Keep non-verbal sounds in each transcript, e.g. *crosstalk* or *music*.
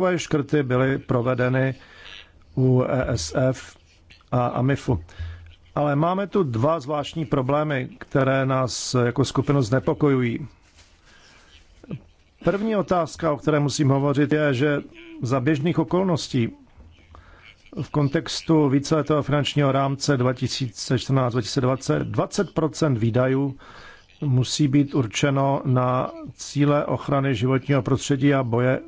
Takové škrty byly provedeny u ESF a AMIFu. Ale máme tu dva zvláštní problémy, které nás jako skupinu znepokojují. První otázka, o které musím hovořit, je, že za běžných okolností v kontextu víceletého finančního rámce 2014-2020 20 výdajů musí být určeno na cíle ochrany životního prostředí a boje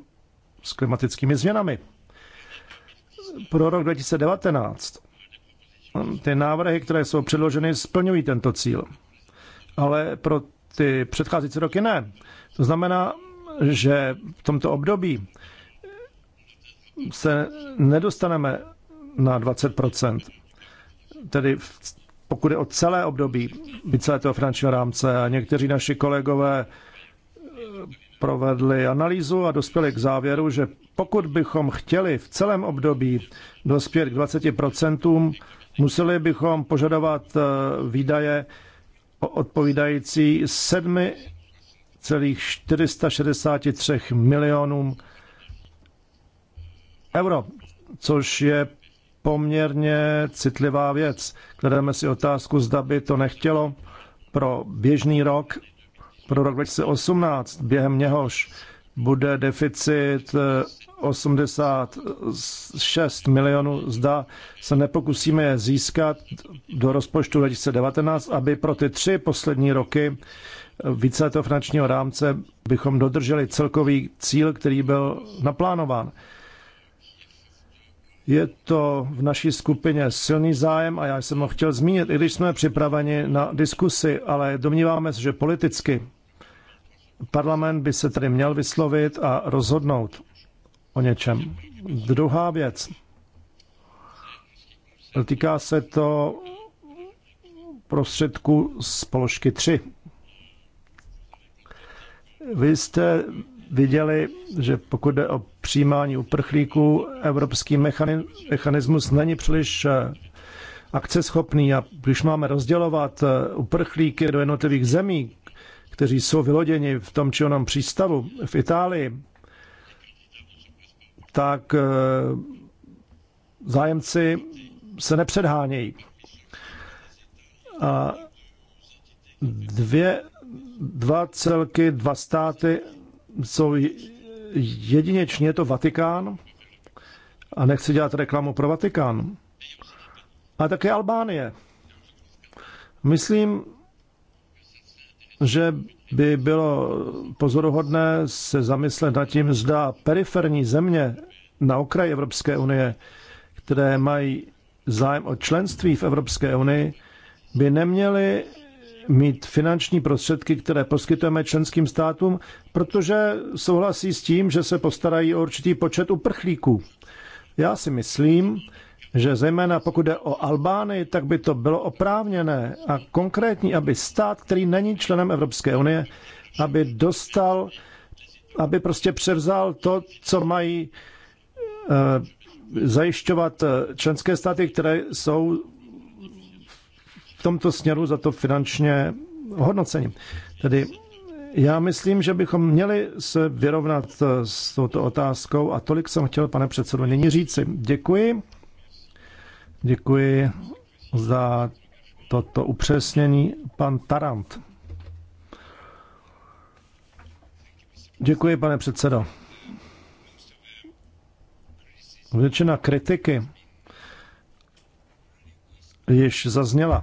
s klimatickými změnami. Pro rok 2019 ty návrhy, které jsou předloženy, splňují tento cíl. Ale pro ty předcházející roky ne. To znamená, že v tomto období se nedostaneme na 20%. Tedy pokud je o celé období celé toho finančního rámce a někteří naši kolegové provedli analýzu a dospěli k závěru, že pokud bychom chtěli v celém období dospět k 20%, museli bychom požadovat eh, výdaje odpovídající 7,463 milionům euro, což je poměrně citlivá věc. Klademe si otázku, zda by to nechtělo pro běžný rok pro rok 2018, během něhož bude deficit 86 eh, milionů. Zda se nepokusíme je získat do rozpočtu 2019, aby pro ty tři poslední roky víceletého finančního rámce bychom dodrželi celkový cíl, který byl naplánován. Je to v naší skupině silný zájem a já jsem ho chtěl zmínit, i když jsme připraveni na diskusy, ale domníváme se, že politicky Parlament by se tedy měl vyslovit a rozhodnout o něčem. Druhá věc. Týká se to prostředku z položky 3. Vy jste viděli, že pokud jde o přijímání uprchlíků, evropský mechanismus není příliš eh, akceschopný a když máme rozdělovat eh, uprchlíky do jednotlivých zemí, kteří jsou vyloděni v tom či onom přístavu v Itálii, tak eh, zájemci se nepředhánějí. A dvě, dva celky, dva státy jsou jedinečně je to Vatikán a nechci dělat reklamu pro Vatikán, a také Albánie. Myslím, že by bylo pozoruhodné se zamyslet nad tím, zda periferní země na okraji Evropské unie, které mají zájem o členství v Evropské unii, by neměly mít finanční prostředky, které poskytujeme členským státům, protože souhlasí s tím, že se postarají o určitý počet uprchlíků. Já si myslím, že zejména pokud jde o Albány, tak by to bylo oprávněné a konkrétní, aby stát, který není členem Evropské unie, aby dostal, aby prostě převzal to, co mají eh, zajišťovat eh, členské státy, které jsou v tomto směru za to finančně hodnoceni. Tedy já myslím, že bychom měli se vyrovnat eh, s touto otázkou a tolik jsem chtěl, pane předsedo, nyní říci. Děkuji. Děkuji za toto upřesnění. Pan Tarant. Děkuji, pane předsedo. Většina kritiky již zazněla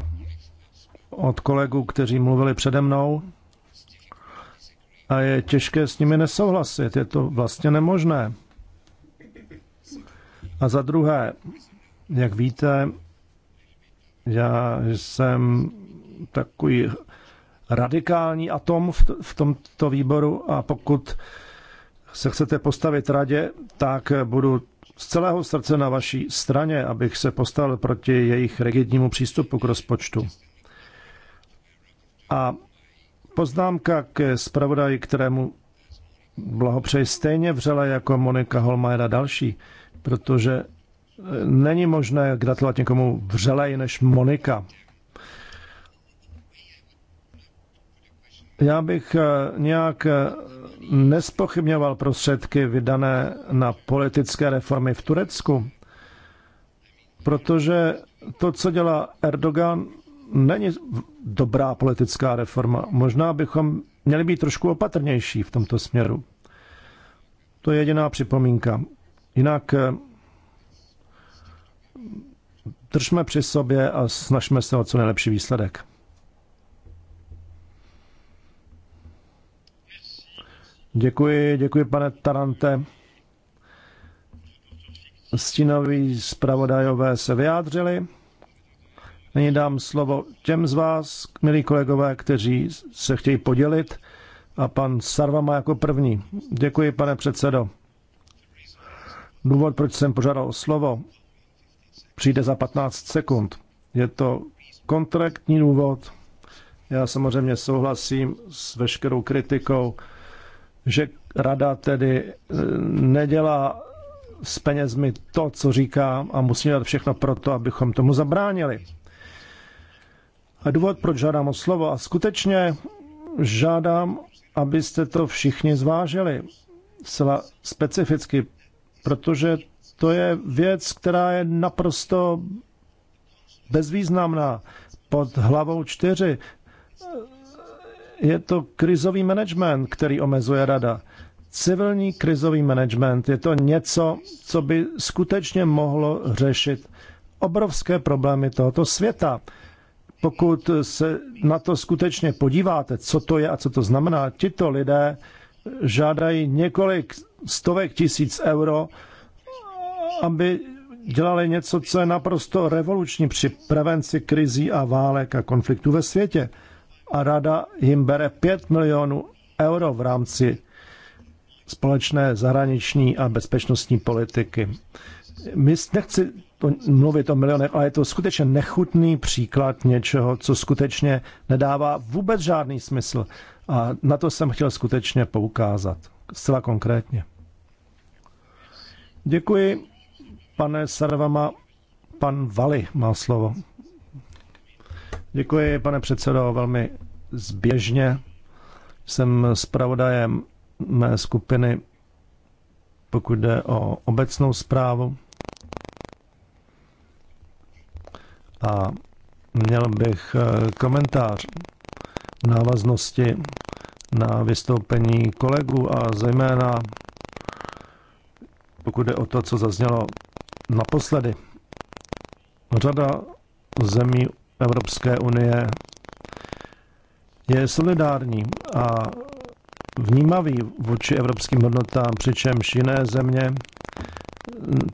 od kolegů, kteří mluvili přede mnou a je těžké s nimi nesouhlasit. Je to vlastně nemožné. A za druhé, jak víte, já jsem takový radikální atom v, v tomto výboru a pokud se chcete postavit radě, tak budu z celého srdce na vaší straně, abych se postavil proti jejich rigidnímu přístupu k rozpočtu. A poznámka k zpravodaji, kterému blahopřeji stejně vřele jako Monika Holmajera další, protože Není možné gratulovat někomu vřelej než Monika. Já bych eh, nějak eh, nespochybňoval prostředky vydané na politické reformy v Turecku, protože to, co dělá Erdogan, není dobrá politická reforma. Možná bychom měli být trošku opatrnější v tomto směru. To je jediná připomínka. Jinak eh, držme při sobě a snažme se o co nejlepší výsledek. Děkuji, děkuji pane Tarante. Stínoví zpravodajové se vyjádřili. Nyní dám slovo těm z vás, milí kolegové, kteří se chtějí podělit. A pan Sarva má jako první. Děkuji, pane předsedo. Důvod, proč jsem požádal o slovo, přijde za 15 sekund. Je to kontraktní důvod. Já samozřejmě souhlasím s veškerou kritikou, že rada tedy e, nedělá s penězmi to, co říkám a musí dělat všechno pro to, abychom tomu zabránili. A důvod, proč žádám o slovo, a skutečně žádám, abyste to všichni zvážili zcela specificky, protože to je věc, která je naprosto bezvýznamná. Pod hlavou čtyři je to krizový management, který omezuje rada. Civilní krizový management je to něco, co by skutečně mohlo řešit obrovské problémy tohoto světa. Pokud se na to skutečně podíváte, co to je a co to znamená, tito lidé žádají několik stovek tisíc euro aby dělali něco, co je naprosto revoluční při prevenci krizí a válek a konfliktů ve světě. A rada jim bere 5 milionů euro v rámci společné zahraniční a bezpečnostní politiky. My nechci to, mluvit o milionech, ale je to skutečně nechutný příklad něčeho, co skutečně nedává vůbec žádný smysl. A na to jsem chtěl skutečně poukázat. Zcela konkrétně. Děkuji. Pane Sarvama, pan Vali má slovo. Děkuji, pane předsedo, velmi zběžně. Jsem zpravodajem mé skupiny, pokud jde o obecnou zprávu. A měl bych eh, komentář v návaznosti na vystoupení kolegů a zejména pokud jde o to, co zaznělo Naposledy řada zemí Evropské unie je solidární a vnímavý vůči evropským hodnotám, přičemž jiné země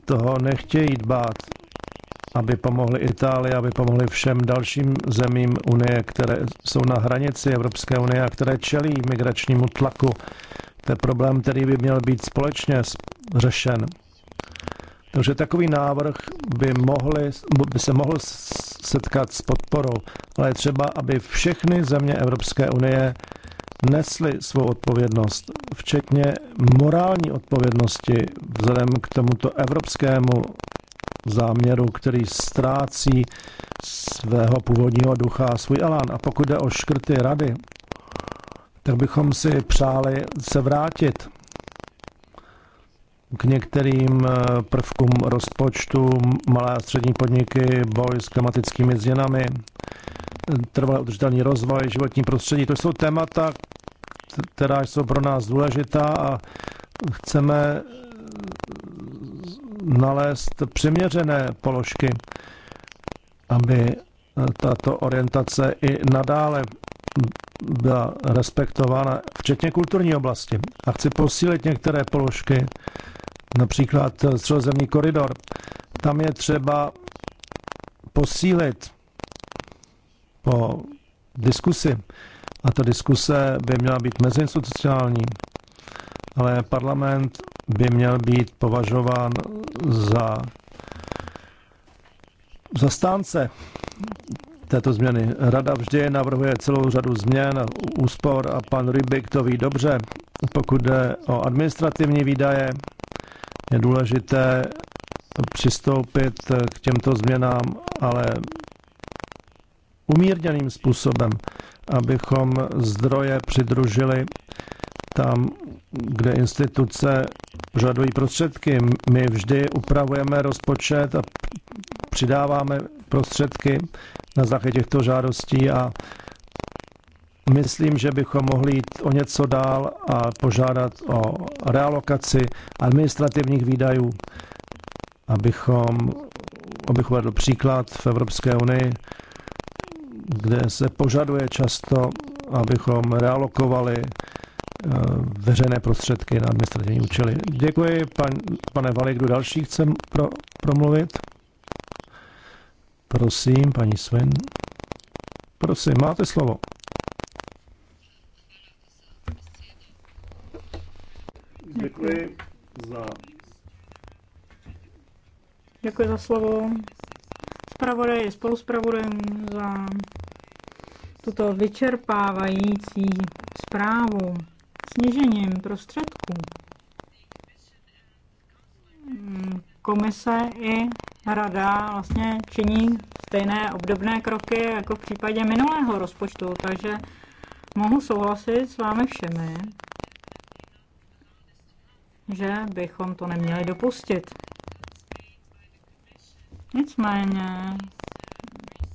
toho nechtějí dbát, aby pomohly Itálii, aby pomohly všem dalším zemím Unie, které jsou na hranici Evropské unie a které čelí migračnímu tlaku. To je problém, který by měl být společně řešen. Takže takový návrh by, mohli, by se mohl setkat s podporou, ale je třeba, aby všechny země Evropské unie nesly svou odpovědnost, včetně morální odpovědnosti vzhledem k tomuto evropskému záměru, který ztrácí svého původního ducha a svůj elán. A pokud jde o škrty rady, tak bychom si přáli se vrátit k některým eh, prvkům rozpočtu malé a střední podniky, boj s klimatickými změnami, trvalý udržitelný rozvoj, životní prostředí. To jsou témata, která jsou pro nás důležitá a chceme eh, nalézt přiměřené položky, aby tato orientace i nadále byla respektována, včetně kulturní oblasti. A chci posílit některé položky, například středozemní koridor. Tam je třeba posílit po diskusi. A ta diskuse by měla být meziinstitucionální, ale parlament by měl být považován za zastánce této změny. Rada vždy navrhuje celou řadu změn, úspor a pan Rybik to ví dobře. Pokud jde o administrativní výdaje, je důležité přistoupit k těmto změnám, ale umírněným způsobem, abychom zdroje přidružili tam, kde instituce požadují prostředky. My vždy upravujeme rozpočet a přidáváme prostředky na základě těchto žádostí a myslím, že bychom mohli jít o něco dál a požádat o realokaci administrativních výdajů, abychom, abych uvedl příklad v Evropské unii, kde se požaduje často, abychom realokovali Eh, veřejné prostředky na administrativní účely. Děkuji, pan, pane Vali, kdo další chce pro, promluvit? Prosím, paní Sven. Prosím, máte slovo. Děkuji za... Děkuji za slovo. Spravodaj, spoluspravodajem za tuto vyčerpávající zprávu. Snížením prostředků hmm, komise i rada vlastně činí stejné obdobné kroky jako v případě minulého rozpočtu, takže mohu souhlasit s vámi všemi, že bychom to neměli dopustit. Nicméně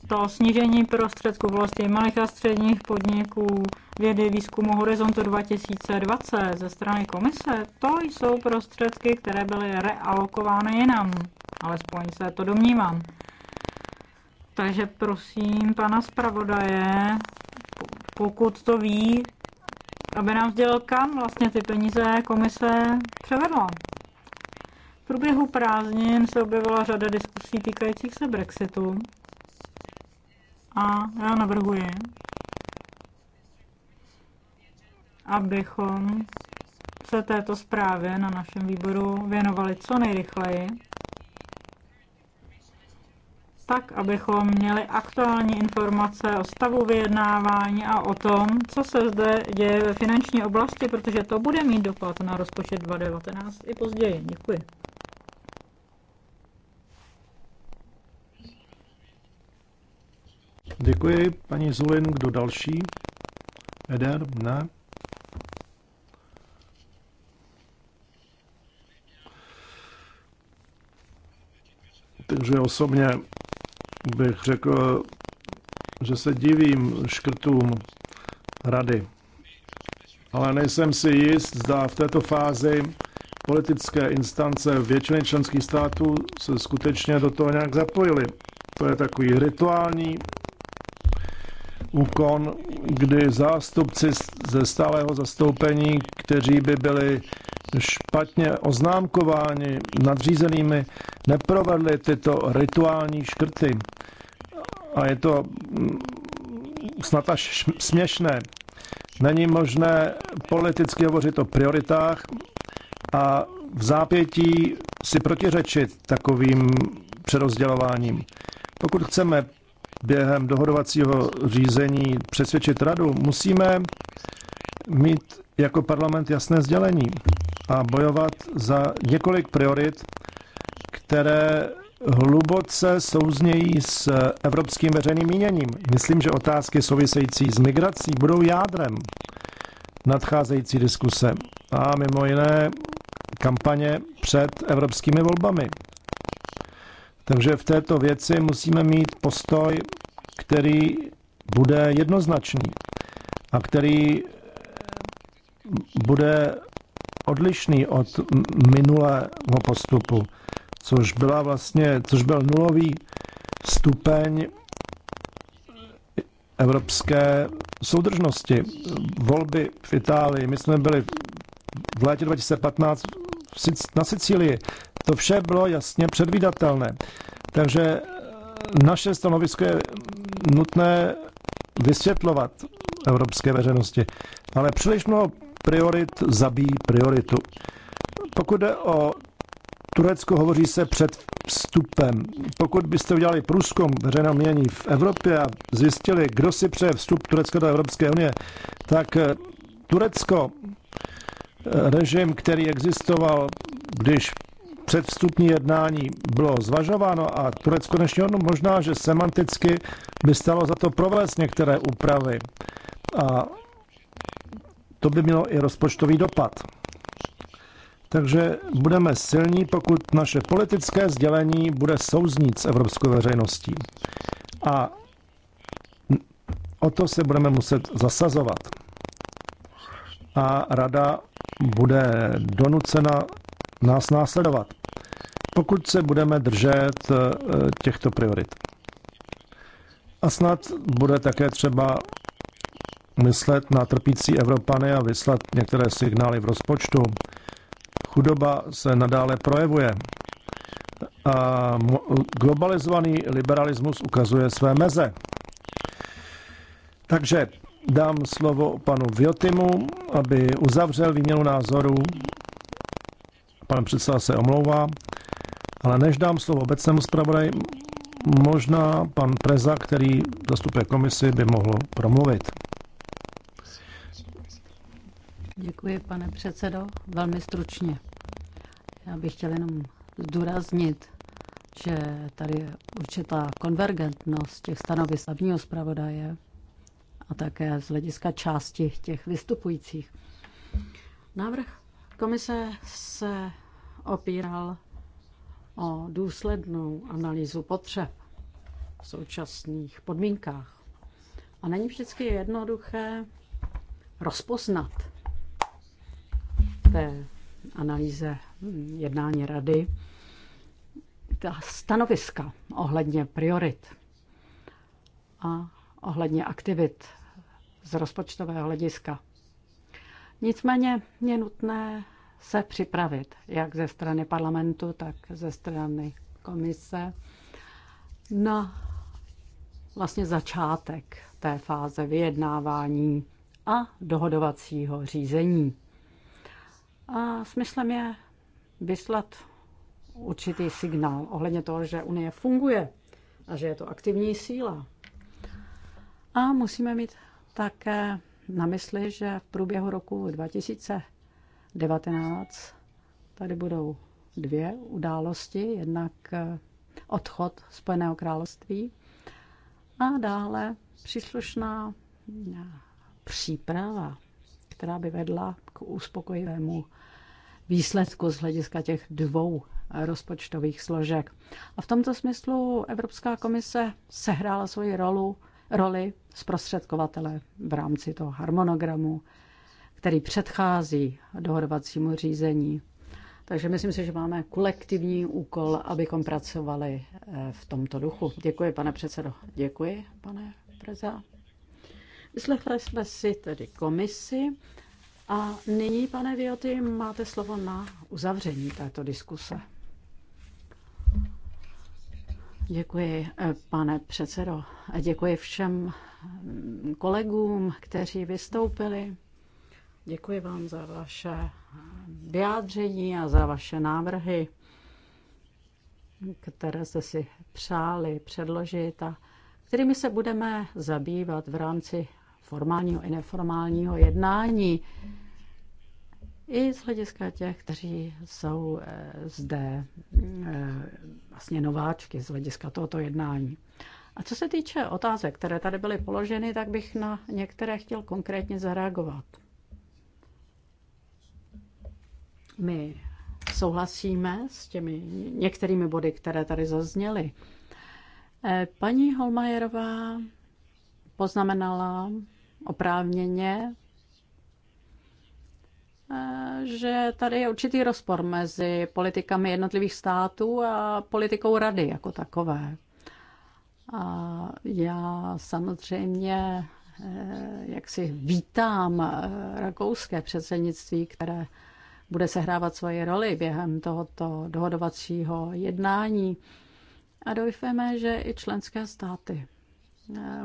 to snížení prostředků vlastně malých a středních podniků vědy, výzkumu Horizontu 2020 ze strany komise, to jsou prostředky, které byly realokovány jinam. Alespoň se to domnívám. Takže prosím pana zpravodaje, pokud to ví, aby nám sdělil, kam vlastně ty peníze komise převedla. V průběhu prázdnin se objevila řada diskusí týkajících se Brexitu. A já navrhuji, abychom se této zprávě na našem výboru věnovali co nejrychleji, tak abychom měli aktuální informace o stavu vyjednávání a o tom, co se zde děje ve finanční oblasti, protože to bude mít dopad na rozpočet 2019 i později. Děkuji. Děkuji, paní Zulin. Kdo další? Eder? Ne? Takže osobně bych řekl, že se divím škrtům rady. Ale nejsem si jist, zda v této fázi politické instance většiny členských států se skutečně do toho nějak zapojily. To je takový rituální úkon, kdy zástupci ze stálého zastoupení, kteří by byli špatně oznámkováni nadřízenými, neprovedli tyto rituální škrty. A je to mm, snad až směšné. Není možné politicky hovořit o prioritách a v zápětí si protiřečit takovým přerozdělováním. Pokud chceme během dohodovacího řízení přesvědčit radu, musíme mít jako parlament jasné sdělení a bojovat za několik priorit, které hluboce souznějí s evropským veřejným míněním. Myslím, že otázky související s migrací budou jádrem nadcházející diskuse a mimo jiné kampaně před evropskými volbami. Takže v této věci musíme mít postoj, který bude jednoznačný a který bude odlišný od minulého postupu, což, byla vlastně, což byl nulový stupeň evropské soudržnosti. Volby v Itálii, my jsme byli v létě 2015 na Sicílii. To vše bylo jasně předvídatelné. Takže eh, naše stanovisko je nutné vysvětlovat evropské veřejnosti. Ale příliš mnoho priorit zabíjí prioritu. Pokud jde o Turecko, hovoří se před vstupem. Pokud byste udělali průzkum veřejného mění v Evropě a zjistili, kdo si přeje vstup Turecka do Evropské unie, tak eh, Turecko režim, který existoval, když předvstupní jednání bylo zvažováno a Turecko dnešního no možná, že semanticky by stalo za to provést některé úpravy. A to by mělo i rozpočtový dopad. Takže budeme silní, pokud naše politické sdělení bude souznít s evropskou veřejností. A o to se budeme muset zasazovat. A rada bude donucena nás následovat, pokud se budeme držet eh, těchto priorit. A snad bude také třeba myslet na trpící Evropany a vyslat některé signály v rozpočtu. Chudoba se nadále projevuje. A globalizovaný liberalismus ukazuje své meze. Takže dám slovo panu Viotimu, aby uzavřel výměnu názorů. Pan předseda se omlouvá, ale než dám slovo obecnému zpravodaji, možná pan Preza, který zastupuje komisi, by mohl promluvit. Děkuji, pane předsedo. Velmi stručně. Já bych chtěl jenom zdůraznit, že tady je určitá konvergentnost těch stanovisk hlavního zpravodaje a také z hlediska části těch vystupujících. Návrh komise se opíral o důslednou analýzu potřeb v současných podmínkách. A není vždycky jednoduché rozpoznat té analýze jednání rady ta stanoviska ohledně priorit a ohledně aktivit z rozpočtového hlediska. Nicméně je nutné se připravit, jak ze strany parlamentu, tak ze strany komise, na vlastně začátek té fáze vyjednávání a dohodovacího řízení. A smyslem je vyslat určitý signál ohledně toho, že Unie funguje a že je to aktivní síla. A musíme mít také na mysli, že v průběhu roku 2019 tady budou dvě události. Jednak eh, odchod Spojeného království a dále příslušná eh, příprava, která by vedla k uspokojivému výsledku z hlediska těch dvou eh, rozpočtových složek. A v tomto smyslu Evropská komise sehrála svoji rolu roli zprostředkovatele v rámci toho harmonogramu, který předchází dohodovacímu řízení. Takže myslím si, že máme kolektivní úkol, abychom pracovali eh, v tomto duchu. Děkuji, pane předsedo. Děkuji, pane Preza. Vyslechli jsme si tedy komisi a nyní, pane Vioty, máte slovo na uzavření této diskuse. Děkuji, eh, pane předsedo. A děkuji všem mm, kolegům, kteří vystoupili. Děkuji vám za vaše vyjádření a za vaše návrhy, které jste si přáli předložit a kterými se budeme zabývat v rámci formálního i neformálního jednání i z hlediska těch, kteří jsou eh, zde eh, vlastně nováčky z hlediska tohoto jednání. A co se týče otázek, které tady byly položeny, tak bych na některé chtěl konkrétně zareagovat. My souhlasíme s těmi některými body, které tady zazněly. Eh, paní Holmajerová poznamenala oprávněně Eh, že tady je určitý rozpor mezi politikami jednotlivých států a politikou rady jako takové. A já samozřejmě eh, jak si vítám eh, rakouské předsednictví, které bude sehrávat svoji roli během tohoto dohodovacího jednání. A doufáme, že i členské státy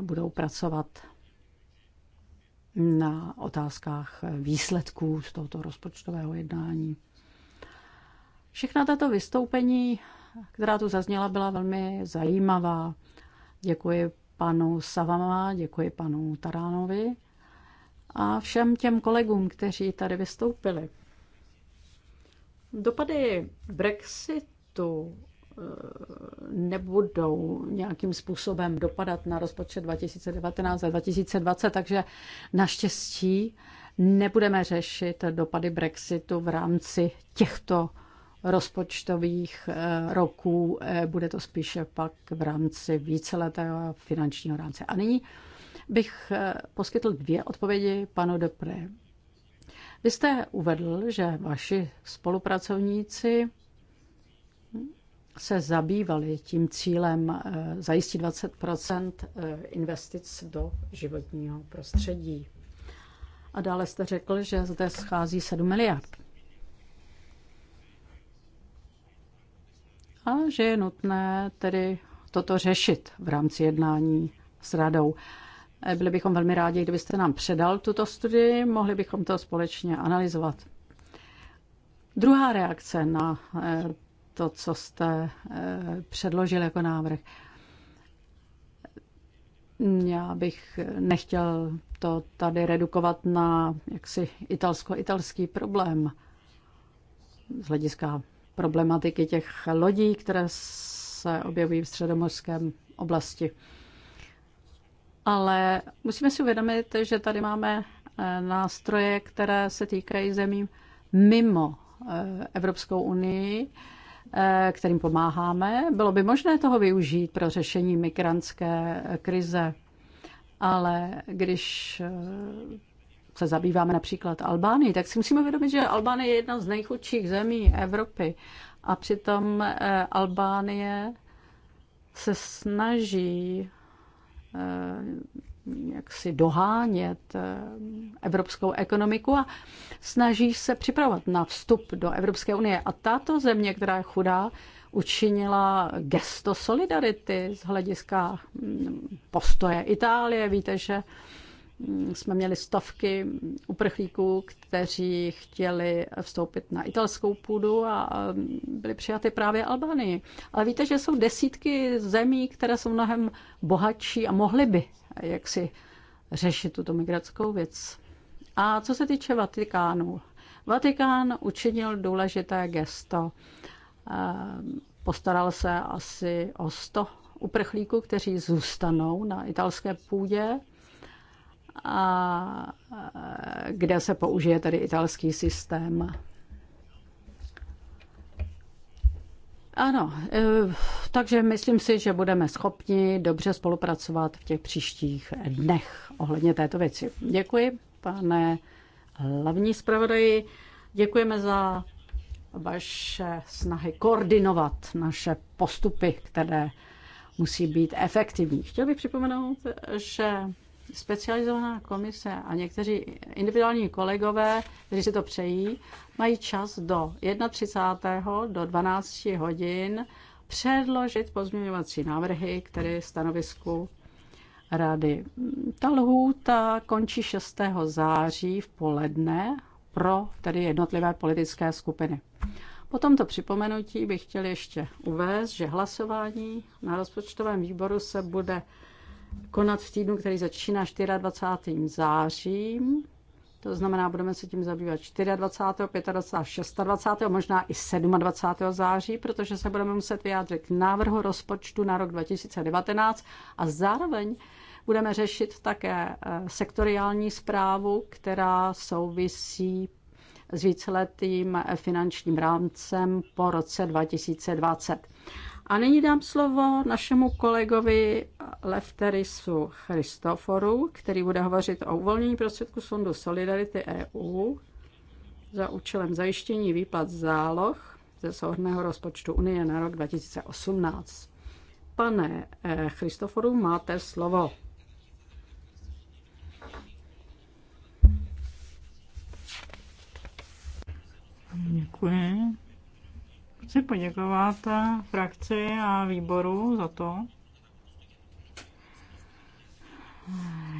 budou pracovat na otázkách výsledků z tohoto rozpočtového jednání. Všechna tato vystoupení, která tu zazněla, byla velmi zajímavá. Děkuji panu Savama, děkuji panu Taránovi a všem těm kolegům, kteří tady vystoupili. Dopady Brexitu Eh, nebudou nějakým způsobem dopadat na rozpočet 2019 a 2020, takže naštěstí nebudeme řešit dopady Brexitu v rámci těchto rozpočtových eh, roků, eh, bude to spíše pak v rámci víceletého finančního rámce. A nyní bych poskytl dvě odpovědi panu Depré. Vy jste uvedl, že vaši spolupracovníci se zabývali tím cílem eh, zajistit 20 eh, investic do životního prostředí. A dále jste řekl, že zde schází 7 miliard. A že je nutné tedy toto řešit v rámci jednání s radou. Eh, byli bychom velmi rádi, kdybyste nám předal tuto studii, mohli bychom to společně analyzovat. Druhá reakce na to, co jste eh, předložil jako návrh. Já bych nechtěl to tady redukovat na jaksi italsko-italský problém z hlediska problematiky těch lodí, které se objevují v středomorském oblasti. Ale musíme si uvědomit, že tady máme eh, nástroje, které se týkají zemí mimo eh, Evropskou unii Eh, kterým pomáháme. Bylo by možné toho využít pro řešení migrantské krize, ale když eh, se zabýváme například Albánii, tak si musíme vědomit, že Albánie je jedna z nejchudších zemí Evropy a přitom eh, Albánie se snaží jak si dohánět eh, evropskou ekonomiku a snaží se připravovat na vstup do Evropské unie. A tato země, která je chudá, učinila gesto solidarity z hlediska mm, postoje Itálie. Víte, že mm, jsme měli stovky uprchlíků, kteří chtěli vstoupit na italskou půdu a byli přijaty právě Albánii. Ale víte, že jsou desítky zemí, které jsou mnohem bohatší a mohly by jak si řešit tuto migrackou věc. A co se týče Vatikánu, Vatikán učinil důležité gesto. Ehm, postaral se asi o 100 uprchlíků, kteří zůstanou na italské půdě, a e, kde se použije tedy italský systém Ano, e, takže myslím si, že budeme schopni dobře spolupracovat v těch příštích dnech ohledně této věci. Děkuji, pane hlavní zpravodaji. Děkujeme za vaše snahy koordinovat naše postupy, které musí být efektivní. Chtěl bych připomenout, že specializovaná komise a někteří individuální kolegové, kteří si to přejí, mají čas do 31. do 12 hodin předložit pozměňovací návrhy, které je stanovisku rady. Ta lhůta končí 6. září v poledne pro tedy jednotlivé politické skupiny. Po tomto připomenutí bych chtěl ještě uvést, že hlasování na rozpočtovém výboru se bude konat v týdnu, který začíná 24. září. To znamená, budeme se tím zabývat 24., 25., 26., 20., možná i 27. září, protože se budeme muset vyjádřit k návrhu rozpočtu na rok 2019 a zároveň budeme řešit také eh, sektoriální zprávu, která souvisí s víceletým eh, finančním rámcem po roce 2020. A nyní dám slovo našemu kolegovi Lefterisu Christoforu, který bude hovořit o uvolnění prostředků z Fondu Solidarity EU za účelem zajištění výplat záloh ze souhrného rozpočtu Unie na rok 2018. Pane eh, Christoforu, máte slovo. Děkuji. Chci poděkovat frakci a výboru za to,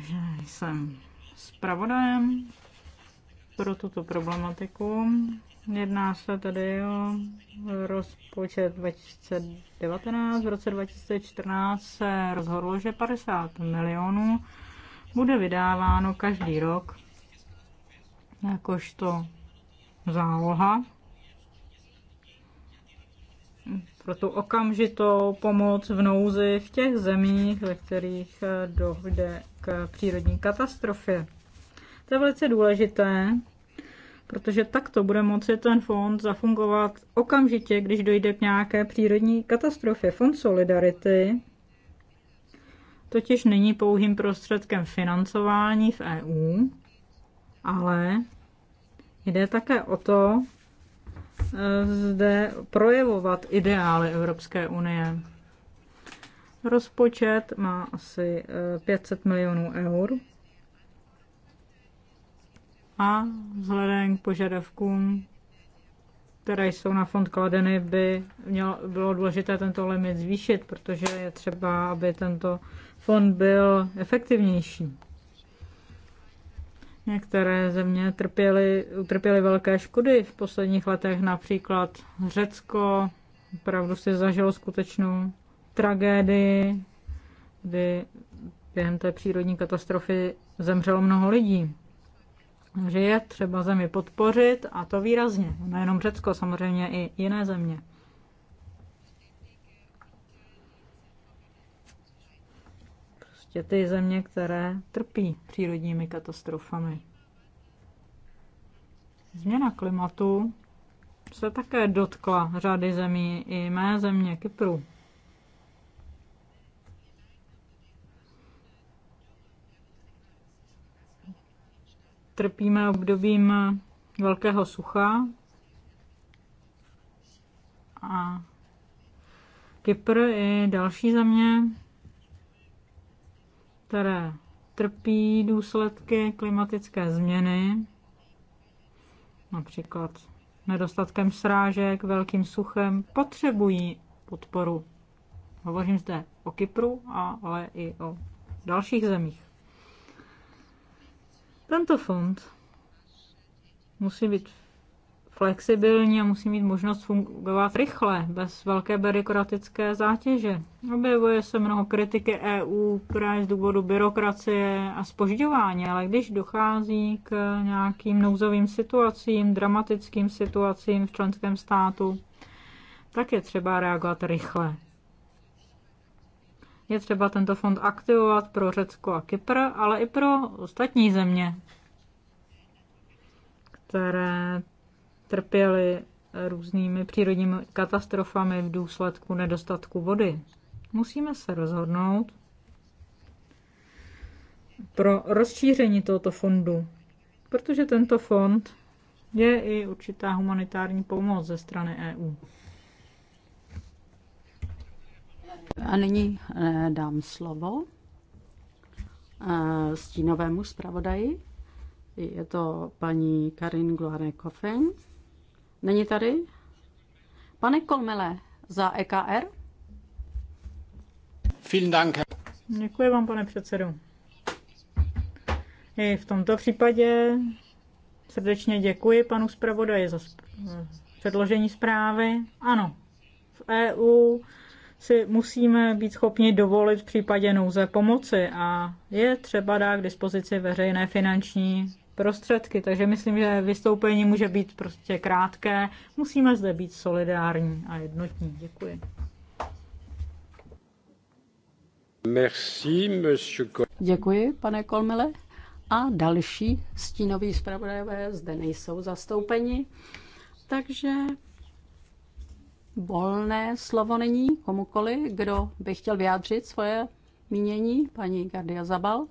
že jsem zpravodajem pro tuto problematiku. Jedná se tady o rozpočet 2019. V roce 2014 se rozhodlo, že 50 milionů bude vydáváno každý rok jakožto záloha pro tu okamžitou pomoc v nouzi v těch zemích, ve kterých eh, dojde k přírodní katastrofě. To je velice důležité, protože takto bude moci ten fond zafungovat okamžitě, když dojde k nějaké přírodní katastrofě. Fond Solidarity totiž není pouhým prostředkem financování v EU, ale jde také o to, zde projevovat ideály Evropské unie. Rozpočet má asi 500 eh, milionů eur a vzhledem k požadavkům, které jsou na fond kladeny, by mělo, bylo důležité tento limit zvýšit, protože je třeba, aby tento fond byl efektivnější. Některé země trpěly, utrpěly velké škody v posledních letech, například Řecko, opravdu si zažilo skutečnou tragédii, kdy během té přírodní katastrofy zemřelo mnoho lidí. Takže je třeba zemi podpořit a to výrazně. Nejenom Řecko, samozřejmě i jiné země. Prostě ty země, které trpí přírodními katastrofami. Změna klimatu se také dotkla řady zemí, i mé země Kypru. Trpíme obdobím velkého sucha a Kypr i další země které trpí důsledky klimatické změny, například nedostatkem srážek, velkým suchem, potřebují podporu. Hovořím zde o Kypru, ale i o dalších zemích. Tento fond musí být flexibilní a musí mít možnost fungovat rychle, bez velké byrokratické zátěže. Objevuje se mnoho kritiky EU, právě z důvodu byrokracie a spožďování, ale když dochází k nějakým nouzovým situacím, dramatickým situacím v členském státu, tak je třeba reagovat rychle. Je třeba tento fond aktivovat pro Řecko a Kypr, ale i pro ostatní země, které trpěli různými přírodními katastrofami v důsledku nedostatku vody. Musíme se rozhodnout pro rozšíření tohoto fondu, protože tento fond je i určitá humanitární pomoc ze strany EU. A nyní eh, dám slovo eh, stínovému zpravodaji. Je to paní Karin Gloire-Koffen. Není tady? Pane Kolmele za EKR. Vielen Dank. Děkuji vám, pane předsedu. I v tomto případě srdečně děkuji panu zpravodaji za předložení zprávy. Ano, v EU si musíme být schopni dovolit v případě nouze pomoci a je třeba dát k dispozici veřejné finanční prostředky. Takže myslím, že vystoupení může být prostě krátké. Musíme zde být solidární a jednotní. Děkuji. Merci, monsieur... Děkuji, pane Kolmele. A další stínoví zpravodajové zde nejsou zastoupeni. Takže volné slovo není komukoli, kdo by chtěl vyjádřit svoje mínění, paní Gardia Zabal.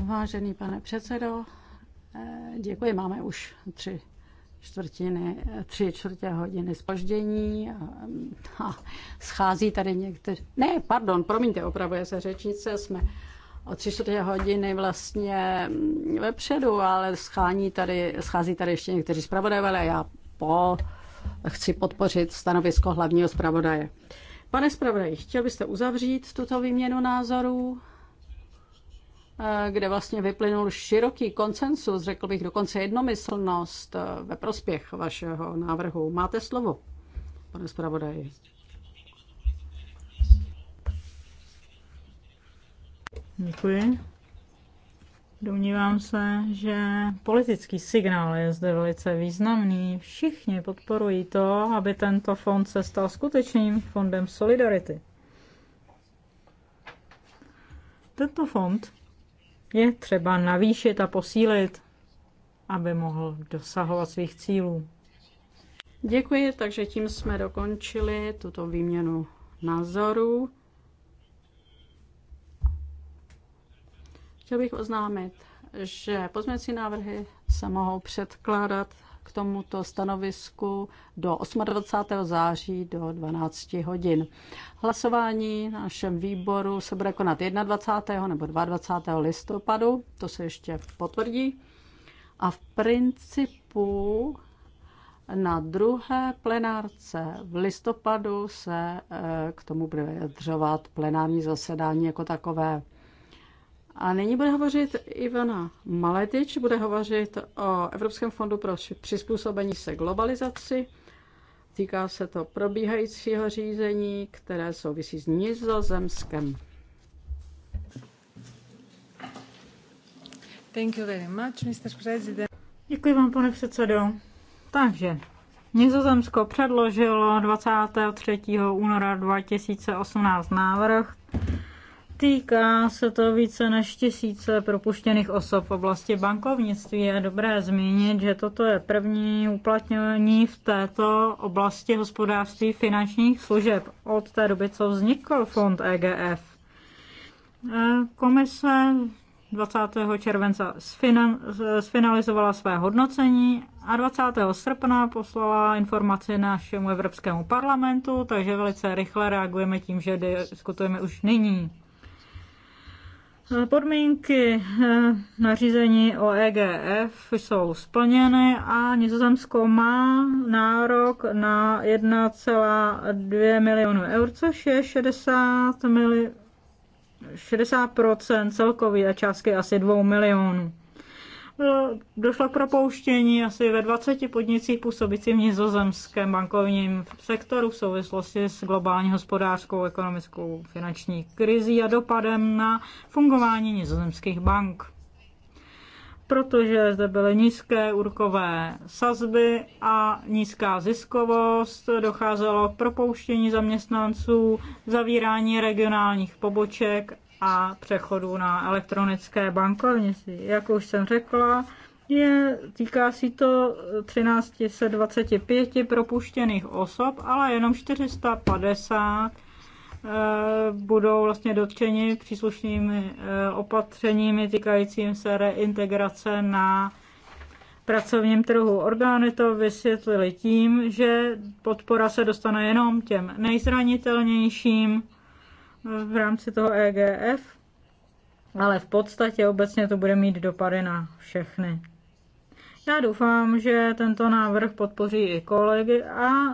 Vážený pane předsedo, eh, děkuji, máme už tři čtvrtiny, tři čtvrtě hodiny spoždění a, a schází tady někteří, ne, pardon, promiňte, opravuje se řečnice, jsme o tři čtvrtě hodiny vlastně vepředu, ale schání tady, schází tady ještě někteří zpravodajové a já po, chci podpořit stanovisko hlavního zpravodaje. Pane zpravodaji, chtěl byste uzavřít tuto výměnu názorů? Eh, kde vlastně vyplynul široký koncensus, řekl bych dokonce jednomyslnost eh, ve prospěch vašeho návrhu. Máte slovo, pane zpravodaji. Děkuji. Domnívám se, že politický signál je zde velice významný. Všichni podporují to, aby tento fond se stal skutečným fondem solidarity. Tento fond je třeba navýšit a posílit, aby mohl dosahovat svých cílů. Děkuji, takže tím jsme dokončili tuto výměnu názorů. Chtěl bych oznámit, že pozměňovací návrhy se mohou předkládat k tomuto stanovisku do 28. září do 12 hodin. Hlasování na našem výboru se bude konat 21. nebo 22. listopadu, to se ještě potvrdí. A v principu na druhé plenárce v listopadu se eh, k tomu bude vyjadřovat plenární zasedání jako takové. A nyní bude hovořit Ivana Maletič, bude hovořit o Evropském fondu pro přizpůsobení se globalizaci. Týká se to probíhajícího řízení, které souvisí s Nizozemskem. Thank you very much, Mr. President. Děkuji vám, pane předsedo. Takže Nizozemsko předložilo 23. února 2018 návrh Týká se to více než tisíce propuštěných osob v oblasti bankovnictví. Je dobré zmínit, že toto je první uplatnění v této oblasti hospodářství finančních služeb od té doby, co vznikl fond EGF. E, komise 20. července sfinalizovala své hodnocení a 20. srpna poslala informaci našemu Evropskému parlamentu, takže velice rychle reagujeme tím, že diskutujeme už nyní. Eh, podmínky eh, nařízení o EGF jsou splněny a Nizozemsko má nárok na 1,2 milionu eur, což je 60 mili- 60% celkový a částky asi 2 milionů došlo k propouštění asi ve 20 podnicích působících v nizozemském bankovním sektoru v souvislosti s globální hospodářskou, ekonomickou, finanční krizí a dopadem na fungování nizozemských bank. Protože zde byly nízké úrokové sazby a nízká ziskovost, docházelo k propouštění zaměstnanců, zavírání regionálních poboček a přechodu na elektronické bankovnictví. Jak už jsem řekla, je, týká si to 1325 propuštěných osob, ale jenom 450 eh, budou vlastně dotčeni příslušnými eh, opatřeními týkajícím se reintegrace na pracovním trhu. Orgány to vysvětlili tím, že podpora se dostane jenom těm nejzranitelnějším v rámci toho EGF, ale v podstatě obecně to bude mít dopady na všechny. Já doufám, že tento návrh podpoří i kolegy a e,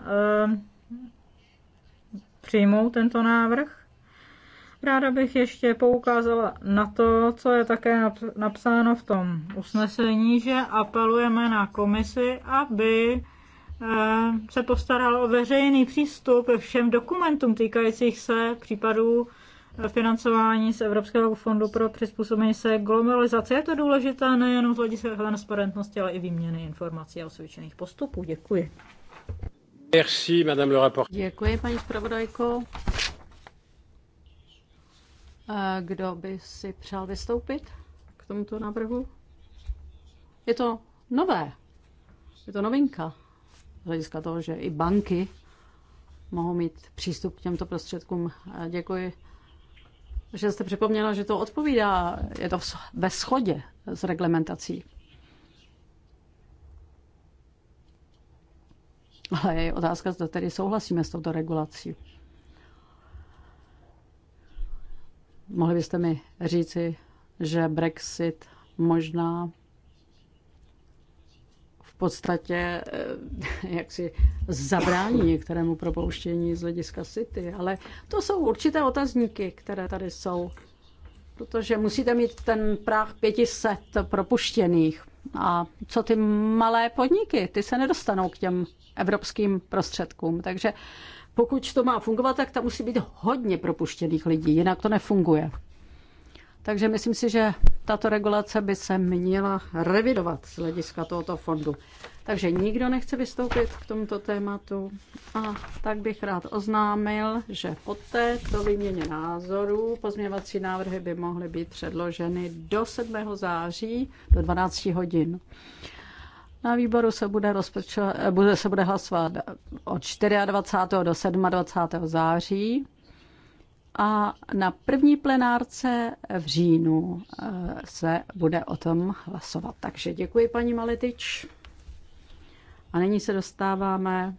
přijmou tento návrh. Ráda bych ještě poukázala na to, co je také napsáno v tom usnesení, že apelujeme na komisi, aby se postaral o veřejný přístup všem dokumentům týkajících se případů financování z Evropského fondu pro přizpůsobení se globalizaci. Je to důležité nejenom z hlediska transparentnosti, ale i výměny informací a osvědčených postupů. Děkuji. Merci, madame le rapport. Děkuji, paní zpravodajko. Kdo by si přál vystoupit k tomuto návrhu? Je to nové. Je to novinka z hlediska toho, že i banky mohou mít přístup k těmto prostředkům. Děkuji, že jste připomněla, že to odpovídá, je to ve shodě s reglementací. Ale je otázka, zda tedy souhlasíme s touto regulací. Mohli byste mi říci, že Brexit možná podstatě eh, *laughs* jak si zabrání některému propouštění z hlediska City. Ale to jsou určité otazníky, které tady jsou. Protože musíte mít ten práh 500 propuštěných. A co ty malé podniky? Ty se nedostanou k těm evropským prostředkům. Takže pokud to má fungovat, tak tam musí být hodně propuštěných lidí, jinak to nefunguje. Takže myslím si, že tato regulace by se měla revidovat z hlediska tohoto fondu. Takže nikdo nechce vystoupit k tomuto tématu a tak bych rád oznámil, že po této výměně názorů pozměvací návrhy by mohly být předloženy do 7. září do 12 hodin. Na výboru se bude, rozpočo, eh, bude, se bude hlasovat od 24. do 27. září a na první plenárce v říjnu eh, se bude o tom hlasovat. Takže děkuji paní Maletič. A nyní se dostáváme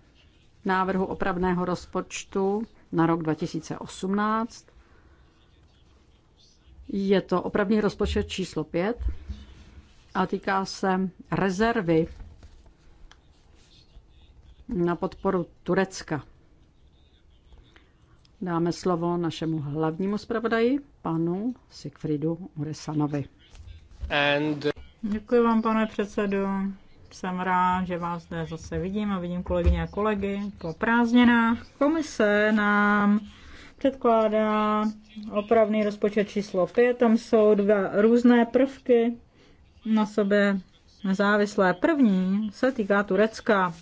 k návrhu opravného rozpočtu na rok 2018. Je to opravný rozpočet číslo 5 a týká se rezervy na podporu Turecka. Dáme slovo našemu hlavnímu zpravodaji, panu Sigfridu Uresanovi. And... Děkuji vám, pane předsedu. Jsem rád, že vás zde zase vidím a vidím kolegyně a kolegy po prázdninách. Komise nám předkládá opravný rozpočet číslo 5. Tam jsou dva různé prvky na sobě nezávislé. První se týká Turecka.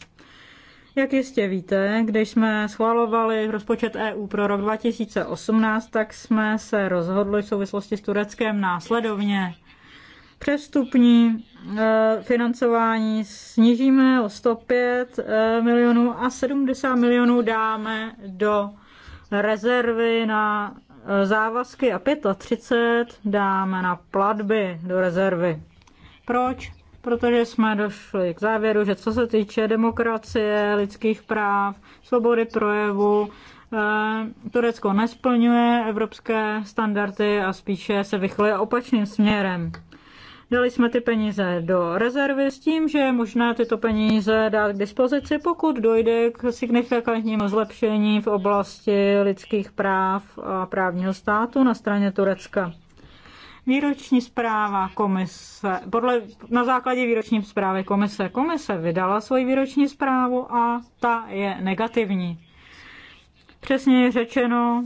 Jak jistě víte, když jsme schvalovali rozpočet EU pro rok 2018, tak jsme se rozhodli v souvislosti s Tureckem následovně. Přestupní e, financování snížíme o 105 e, milionů a 70 milionů dáme do rezervy na e, závazky a 35 dáme na platby do rezervy. Proč? protože jsme došli k závěru, že co se týče demokracie, lidských práv, svobody projevu, eh, Turecko nesplňuje evropské standardy a spíše se vychyluje opačným směrem. Dali jsme ty peníze do rezervy s tím, že je možné tyto peníze dát k dispozici, pokud dojde k signifikantnímu zlepšení v oblasti lidských práv a právního státu na straně Turecka. Výroční zpráva komise, podle, na základě výroční zprávy komise, komise vydala svoji výroční zprávu a ta je negativní. Přesně je řečeno,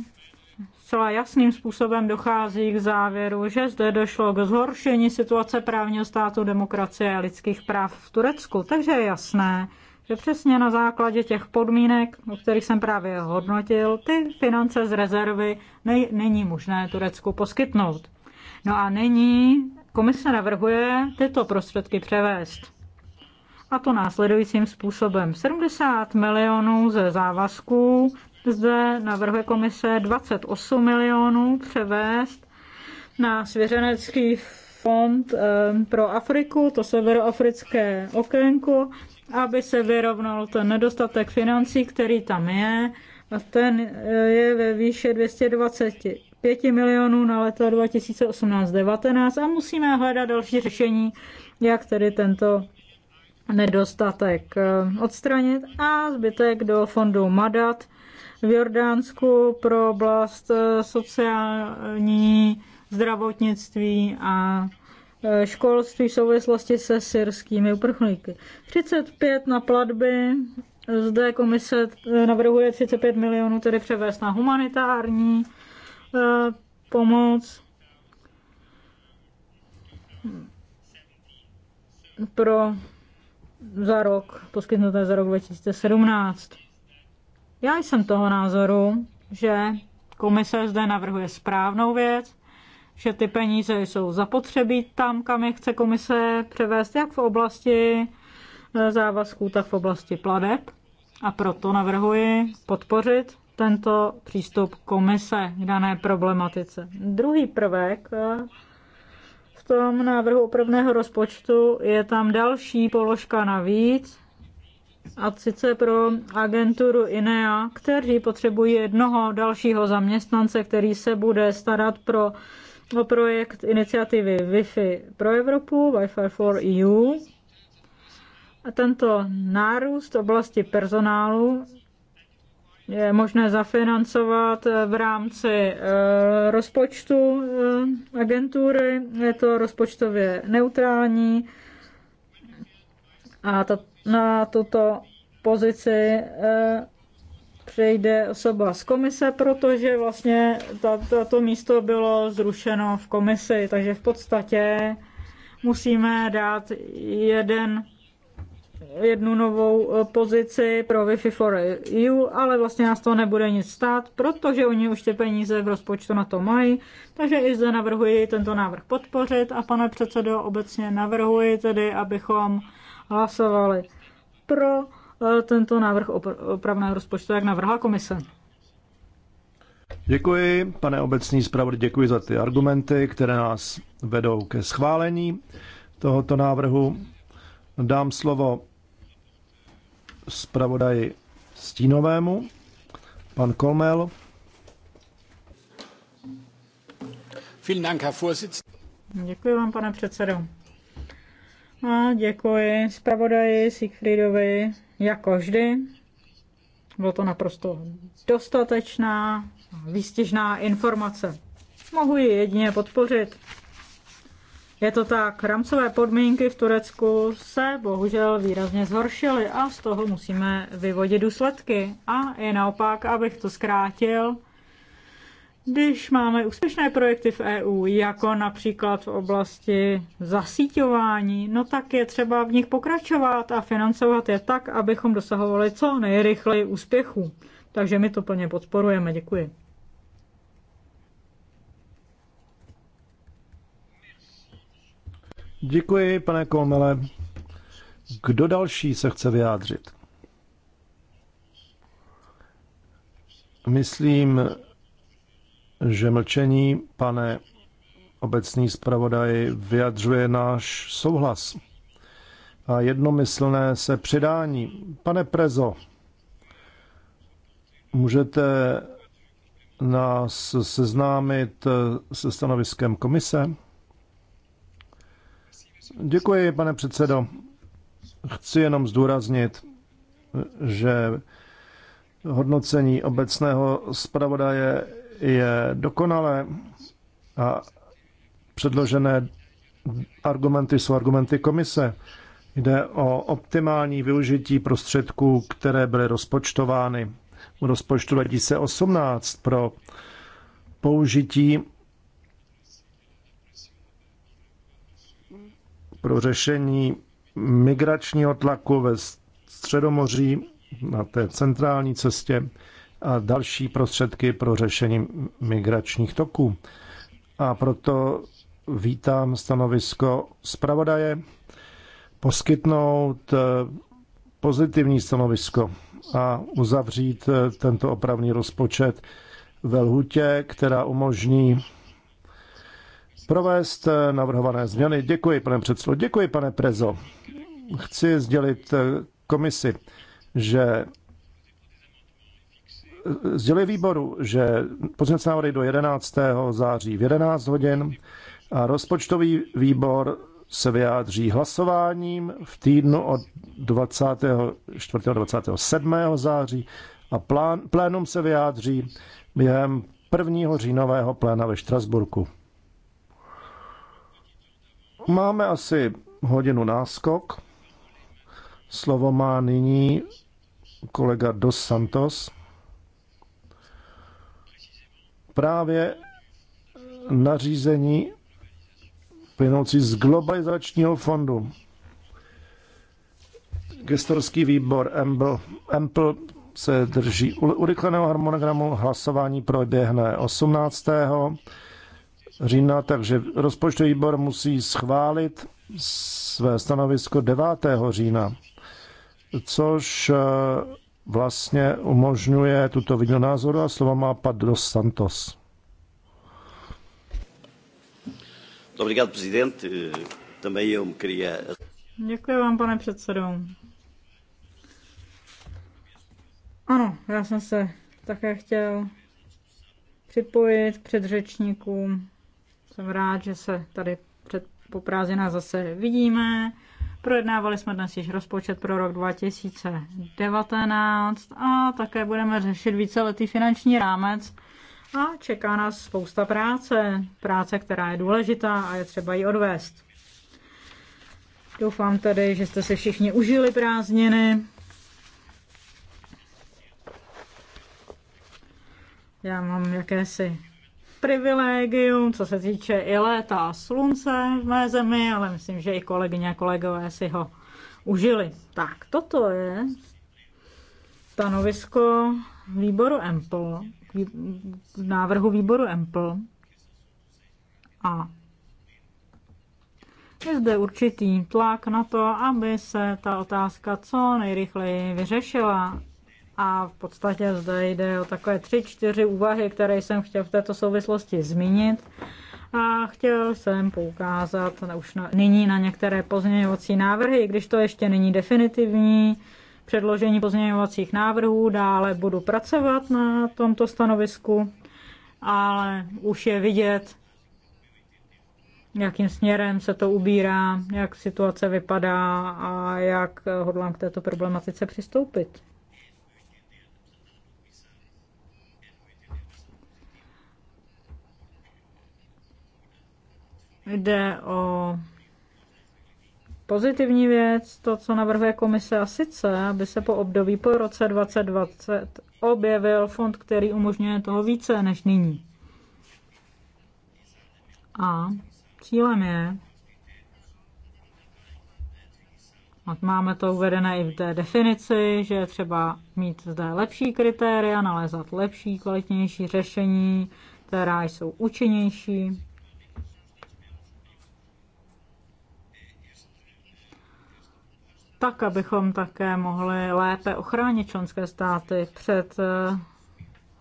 zcela jasným způsobem dochází k závěru, že zde došlo k zhoršení situace právního státu, demokracie a lidských práv v Turecku. Takže je jasné, že přesně na základě těch podmínek, o kterých jsem právě hodnotil, ty finance z rezervy nej- není možné Turecku poskytnout. No a nyní komise navrhuje tyto prostředky převést. A to následujícím způsobem. 70 milionů ze závazků zde navrhuje komise 28 milionů převést na svěřenecký fond eh, pro Afriku, to severoafrické okénko, aby se vyrovnal ten nedostatek financí, který tam je. A ten eh, je ve výše 220 5 milionů na leta 2018-19 a musíme hledat další řešení, jak tedy tento nedostatek eh, odstranit a zbytek do fondu Madat v Jordánsku pro oblast eh, sociální, zdravotnictví a eh, školství v souvislosti se syrskými uprchlíky. 35 na platby, zde komise navrhuje 35 milionů tedy převést na humanitární Eh, pomoc pro za rok, poskytnuté za rok 2017. Já jsem toho názoru, že komise zde navrhuje správnou věc, že ty peníze jsou zapotřebí tam, kam je chce komise převést, jak v oblasti eh, závazků, tak v oblasti pladeb. A proto navrhuji podpořit tento přístup komise k dané problematice. Druhý prvek eh, v tom návrhu opravného rozpočtu je tam další položka navíc, a sice pro agenturu INEA, kteří potřebují jednoho dalšího zaměstnance, který se bude starat pro, o projekt iniciativy Wi-Fi pro Evropu, Wi-Fi for EU. A tento nárůst oblasti personálu je možné zafinancovat eh, v rámci eh, rozpočtu eh, agentury. Je to rozpočtově neutrální a to, na tuto pozici přejde osoba z komise, protože vlastně toto místo bylo zrušeno v komisi, takže v podstatě musíme dát jeden jednu novou eh, pozici pro Wi-Fi for EU, ale vlastně nás to nebude nic stát, protože oni už ty peníze v rozpočtu na to mají, takže i zde navrhuji tento návrh podpořit a pane předsedo, obecně navrhuji tedy, abychom hlasovali pro eh, tento návrh opravného rozpočtu, jak navrhla komise. Děkuji, pane obecní zpravodaj, děkuji za ty argumenty, které nás vedou ke schválení tohoto návrhu. Dám slovo zpravodaji Stínovému. Pan Kolmel. Děkuji vám, pane předsedo. A děkuji zpravodaji Siegfriedovi, jako vždy. Bylo to naprosto dostatečná, výstěžná informace. Mohu ji jedině podpořit. Je to tak, rámcové podmínky v Turecku se bohužel výrazně zhoršily a z toho musíme vyvodit důsledky. A je naopak, abych to zkrátil, když máme úspěšné projekty v EU, jako například v oblasti zasíťování, no tak je třeba v nich pokračovat a financovat je tak, abychom dosahovali co nejrychleji úspěchu. Takže my to plně podporujeme. Děkuji. Děkuji, pane Komele. Kdo další se chce vyjádřit? Myslím, že mlčení, pane obecný zpravodaj, vyjadřuje náš souhlas a jednomyslné se přidání. Pane Prezo, můžete nás seznámit se stanoviskem komise? Děkuji, pane předsedo. Chci jenom zdůraznit, že hodnocení obecného zpravodaje je dokonalé a předložené argumenty jsou argumenty komise. Jde o optimální využití prostředků, které byly rozpočtovány u rozpočtu 2018 pro použití pro řešení migračního tlaku ve Středomoří na té centrální cestě a další prostředky pro řešení migračních toků. A proto vítám stanovisko zpravodaje poskytnout eh, pozitivní stanovisko a uzavřít eh, tento opravný rozpočet ve lhutě, která umožní provést navrhované změny. Děkuji, pane předsedo. Děkuji, pane Prezo. Chci sdělit eh, komisi, že eh, sdělil výboru, že pozměnce návrhy do 11. září v 11 hodin a rozpočtový výbor se vyjádří hlasováním v týdnu od 24. 27. září a plán, plénum se vyjádří během 1. říjnového pléna ve Štrasburku. Máme asi hodinu náskok. Slovo má nyní kolega Dos Santos. Právě nařízení plynoucí z globalizačního fondu. Gestorský výbor EMPL se drží urychleného harmonogramu. Hlasování proběhne 18 října, takže rozpočtový výbor musí schválit své stanovisko 9. října, což eh, vlastně umožňuje tuto video názoru a slova má pan Santos. Děkuji vám, pane předsedo. Ano, já jsem se také chtěl připojit k předřečníkům jsem rád, že se tady před po zase vidíme. Projednávali jsme dnes již rozpočet pro rok 2019 a také budeme řešit víceletý finanční rámec. A čeká nás spousta práce, práce, která je důležitá a je třeba ji odvést. Doufám tedy, že jste se všichni užili prázdniny. Já mám jakési privilegium, co se týče i léta a slunce v mé zemi, ale myslím, že i kolegyně a kolegové si ho užili. Tak, toto je stanovisko výboru EMPL, návrhu výboru EMPL. A je zde určitý tlak na to, aby se ta otázka co nejrychleji vyřešila a v podstatě zde jde o takové tři, čtyři úvahy, které jsem chtěl v této souvislosti zmínit. A chtěl jsem poukázat už na, nyní na některé pozměňovací návrhy, i když to ještě není definitivní předložení pozměňovacích návrhů. Dále budu pracovat na tomto stanovisku, ale už je vidět, jakým směrem se to ubírá, jak situace vypadá a jak hodlám k této problematice přistoupit. jde o pozitivní věc, to, co navrhuje komise, a sice, aby se po období po roce 2020 objevil fond, který umožňuje toho více než nyní. A cílem je, a máme to uvedené i v té definici, že je třeba mít zde lepší kritéria, nalézat lepší, kvalitnější řešení, která jsou účinnější tak abychom také mohli lépe ochránit členské státy před eh,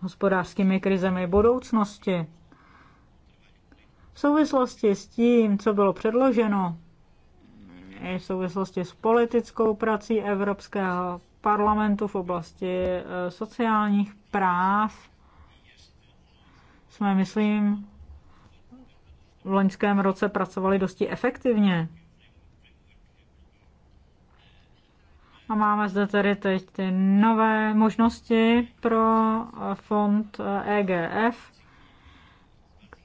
hospodářskými krizemi budoucnosti. V souvislosti s tím, co bylo předloženo, i v souvislosti s politickou prací Evropského parlamentu v oblasti eh, sociálních práv, jsme, myslím, v loňském roce pracovali dosti efektivně. A máme zde tedy teď ty nové možnosti pro fond EGF,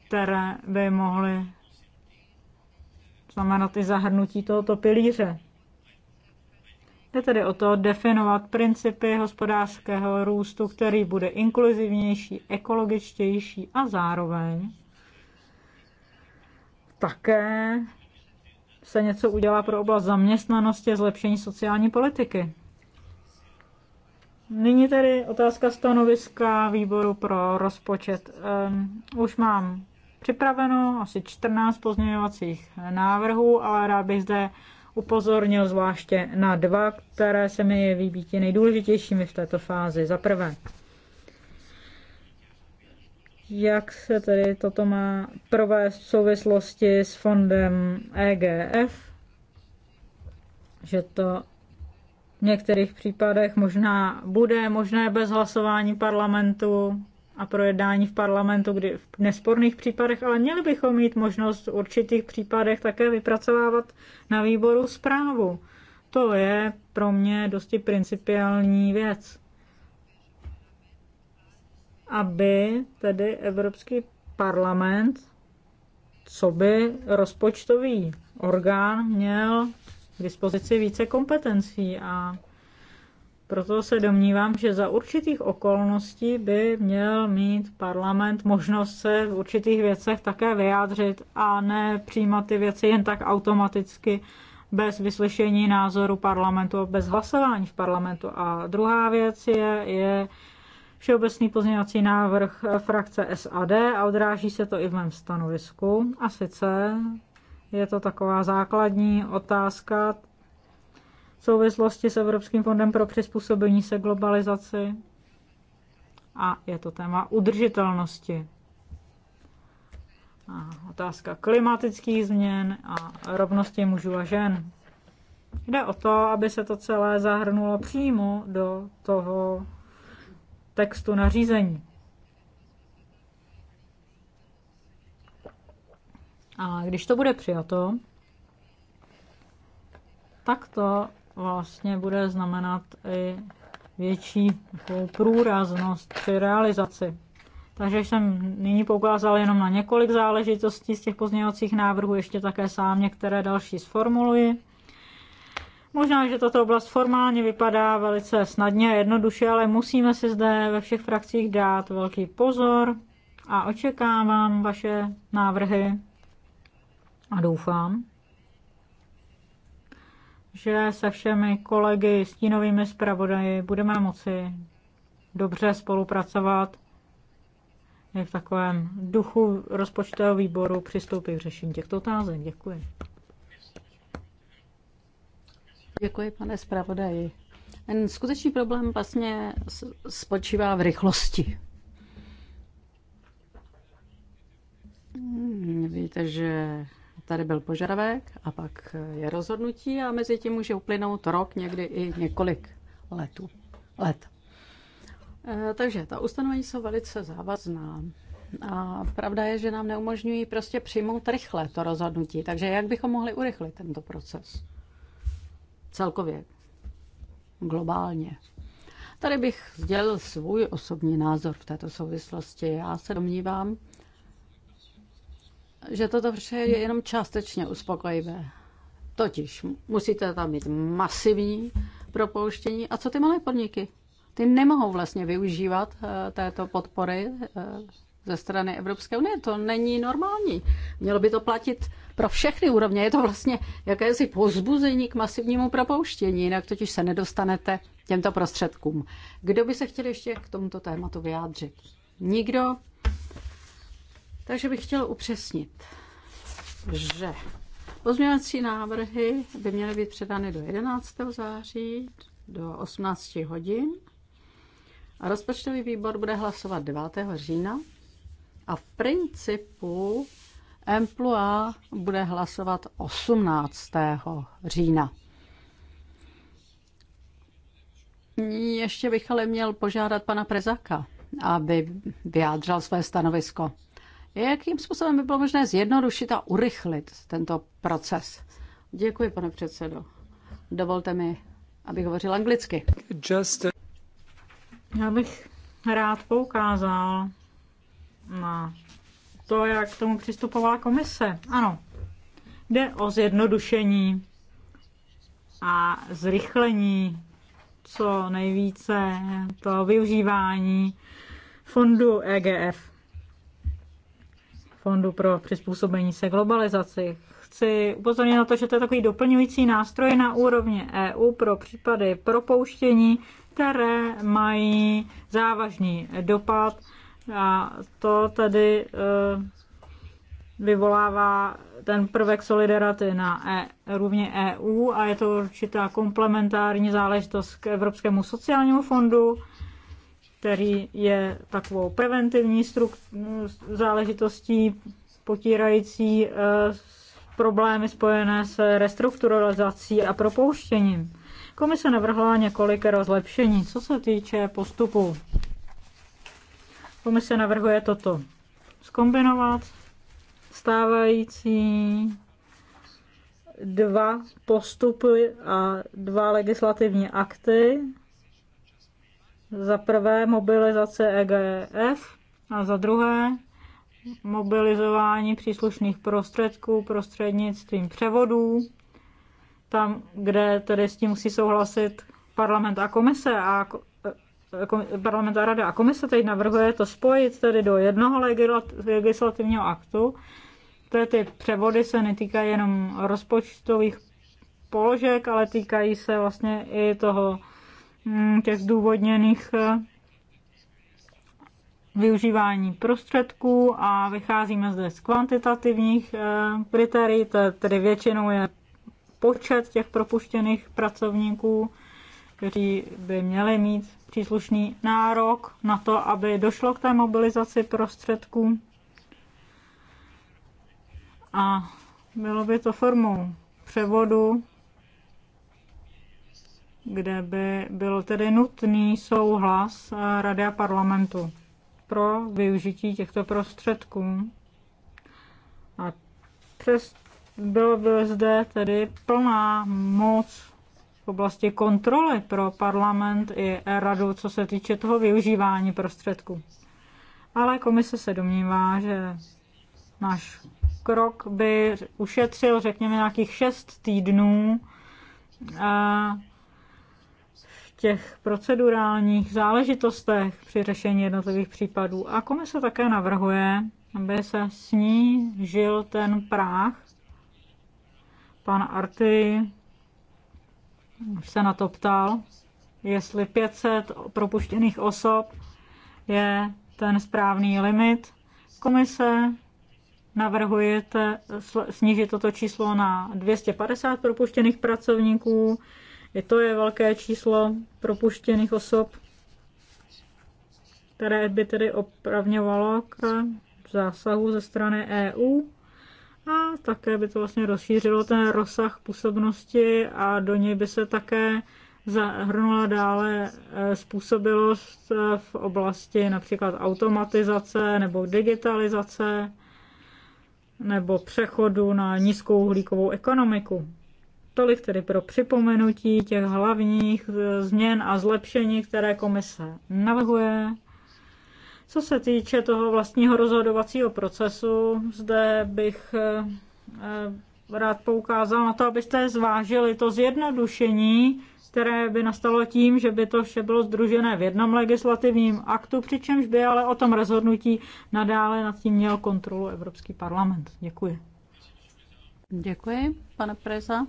které by mohly znamenat i zahrnutí tohoto pilíře. Jde tedy o to definovat principy hospodářského růstu, který bude inkluzivnější, ekologičtější a zároveň také se něco udělá pro oblast zaměstnanosti a zlepšení sociální politiky. Nyní tedy otázka stanoviska výboru pro rozpočet. Ehm, už mám připraveno asi 14 pozměňovacích návrhů, ale rád bych zde upozornil zvláště na dva, které se mi je být nejdůležitějšími v této fázi. Za prvé, jak se tedy toto má provést v souvislosti s fondem EGF, že to v některých případech možná bude možné bez hlasování parlamentu a projednání v parlamentu, kdy v nesporných případech, ale měli bychom mít možnost v určitých případech také vypracovávat na výboru zprávu. To je pro mě dosti principiální věc aby tedy Evropský parlament, co by rozpočtový orgán, měl k dispozici více kompetencí a proto se domnívám, že za určitých okolností by měl mít parlament možnost se v určitých věcech také vyjádřit a ne přijímat ty věci jen tak automaticky bez vyslyšení názoru parlamentu, bez hlasování v parlamentu. A druhá věc je, je všeobecný pozměňovací návrh eh, frakce SAD a odráží se to i v mém stanovisku. A sice je to taková základní otázka v souvislosti s Evropským fondem pro přizpůsobení se globalizaci. A je to téma udržitelnosti. A otázka klimatických změn a rovnosti mužů a žen. Jde o to, aby se to celé zahrnulo přímo do toho textu nařízení. A když to bude přijato, tak to vlastně bude znamenat i větší průraznost při realizaci. Takže jsem nyní poukázal jenom na několik záležitostí z těch pozměňovacích návrhů, ještě také sám některé další sformuluji. Možná, že tato oblast formálně vypadá velice snadně a jednoduše, ale musíme si zde ve všech frakcích dát velký pozor a očekávám vaše návrhy a doufám, že se všemi kolegy, stínovými zpravodaji budeme moci dobře spolupracovat i v takovém duchu rozpočtového výboru přistoupit k řešení těchto otázek. Děkuji. Děkuji, pane zpravodaji. Ten skutečný problém vlastně spočívá v rychlosti. Hmm, víte, že tady byl požadavek a pak je rozhodnutí a mezi tím může uplynout rok, někdy i několik letů, let. Eh, takže ta ustanovení jsou velice závazná. A pravda je, že nám neumožňují prostě přijmout rychle to rozhodnutí. Takže jak bychom mohli urychlit tento proces? celkově globálně. Tady bych sdělil svůj osobní názor v této souvislosti. Já se domnívám, že toto vše je jenom částečně uspokojivé. Totiž musíte tam mít masivní propouštění. A co ty malé podniky? Ty nemohou vlastně využívat eh, této podpory eh, ze strany Evropské unie. To není normální. Mělo by to platit pro všechny úrovně. Je to vlastně jakési pozbuzení k masivnímu propouštění, jinak totiž se nedostanete těmto prostředkům. Kdo by se chtěl ještě k tomuto tématu vyjádřit? Nikdo? Takže bych chtěl upřesnit, že pozměňovací návrhy by měly být předány do 11. září do 18 hodin a rozpočtový výbor bude hlasovat 9. října a v principu Emplua bude hlasovat 18. října. Ještě bych ale měl požádat pana Prezaka, aby vyjádřil své stanovisko. Jakým způsobem by bylo možné zjednodušit a urychlit tento proces? Děkuji, pane předsedo. Dovolte mi, abych hovořil anglicky. Just a... Já bych rád poukázal na to, jak k tomu přistupovala komise. Ano, jde o zjednodušení a zrychlení co nejvíce to využívání fondu EGF, fondu pro přizpůsobení se globalizaci. Chci upozornit na to, že to je takový doplňující nástroj na úrovni EU pro případy propouštění, které mají závažný dopad a to tedy eh, vyvolává ten prvek solidarity na e, rovně EU a je to určitá komplementární záležitost k Evropskému sociálnímu fondu, který je takovou preventivní záležitostí potírající e, problémy spojené s restrukturalizací a propouštěním. Komise navrhla několik rozlepšení, co se týče postupu Komise navrhuje toto. Zkombinovat stávající dva postupy a dva legislativní akty. Za prvé mobilizace EGF a za druhé mobilizování příslušných prostředků prostřednictvím převodů, tam, kde tedy s tím musí souhlasit parlament a komise a parlamentá rada a komise teď navrhuje to spojit tedy do jednoho legislativního aktu. Tedy ty převody se netýkají jenom rozpočtových položek, ale týkají se vlastně i toho mm, těch zdůvodněných eh, využívání prostředků a vycházíme zde z kvantitativních eh, kritérií, tedy většinou je počet těch propuštěných pracovníků, kteří by měli mít příslušný nárok na to, aby došlo k té mobilizaci prostředků. A bylo by to formou převodu, kde by byl tedy nutný souhlas eh, Rady a parlamentu pro využití těchto prostředků. A přes bylo by zde tedy plná moc oblasti kontroly pro parlament i radu, co se týče toho využívání prostředků. Ale komise se domnívá, že náš krok by ušetřil, řekněme, nějakých šest týdnů eh, v těch procedurálních záležitostech při řešení jednotlivých případů. A komise také navrhuje, aby se snížil ten práh. Pan Arty se na to ptal, jestli 500 propuštěných osob je ten správný limit. Komise navrhujete snížit toto číslo na 250 propuštěných pracovníků. I to je velké číslo propuštěných osob, které by tedy opravňovalo k zásahu ze strany EU a také by to vlastně rozšířilo ten rozsah působnosti a do něj by se také zahrnula dále e, způsobilost e, v oblasti například automatizace nebo digitalizace nebo přechodu na nízkou uhlíkovou ekonomiku. Tolik tedy pro připomenutí těch hlavních e, změn a zlepšení, které komise navrhuje. Co se týče toho vlastního rozhodovacího procesu, zde bych eh, eh, rád poukázal na to, abyste zvážili to zjednodušení, které by nastalo tím, že by to vše bylo združené v jednom legislativním aktu, přičemž by ale o tom rozhodnutí nadále nad tím měl kontrolu Evropský parlament. Děkuji. Děkuji, pane Preza.